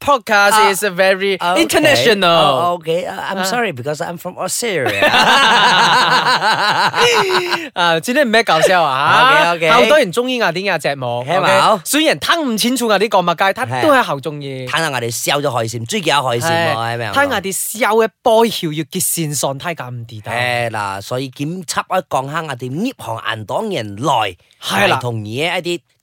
Podcast is very international。Okay，I'm sorry，because I'm from Australia。知你咩介紹啊？好多人都中意亞啲亞只冇，雖然吞唔錢做亞啲購物街，但都係好中意。睇下亞啲 sell 咗海鮮，中意下海鮮冇？睇下啲 sell 嘅波條要結線上，睇咁地道。誒嗱，所以檢測一講下亞啲各行各業人來係同嘢一啲。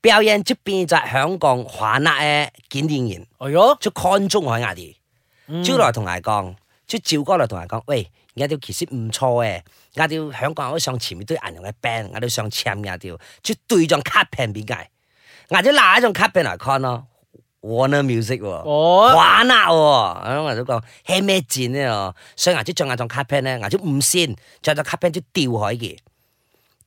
表演即變就係香港華納嘅經理人，就、哎、看中我阿弟，就來同阿講，就趙哥來同阿講，喂，而家條其實唔錯嘅，阿條香港好想前面堆銀行嘅 band，阿條想搶阿條，就對象卡片俾佢，阿條拿一種卡片嚟看咯，Warner Music 喎，華納喎，咁我就講係咩展呢？所以阿條著一種卡片咧、啊，阿條唔先，著咗卡片就掉海嘅。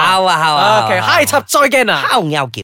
好啊，好啊，OK，下集再見啊。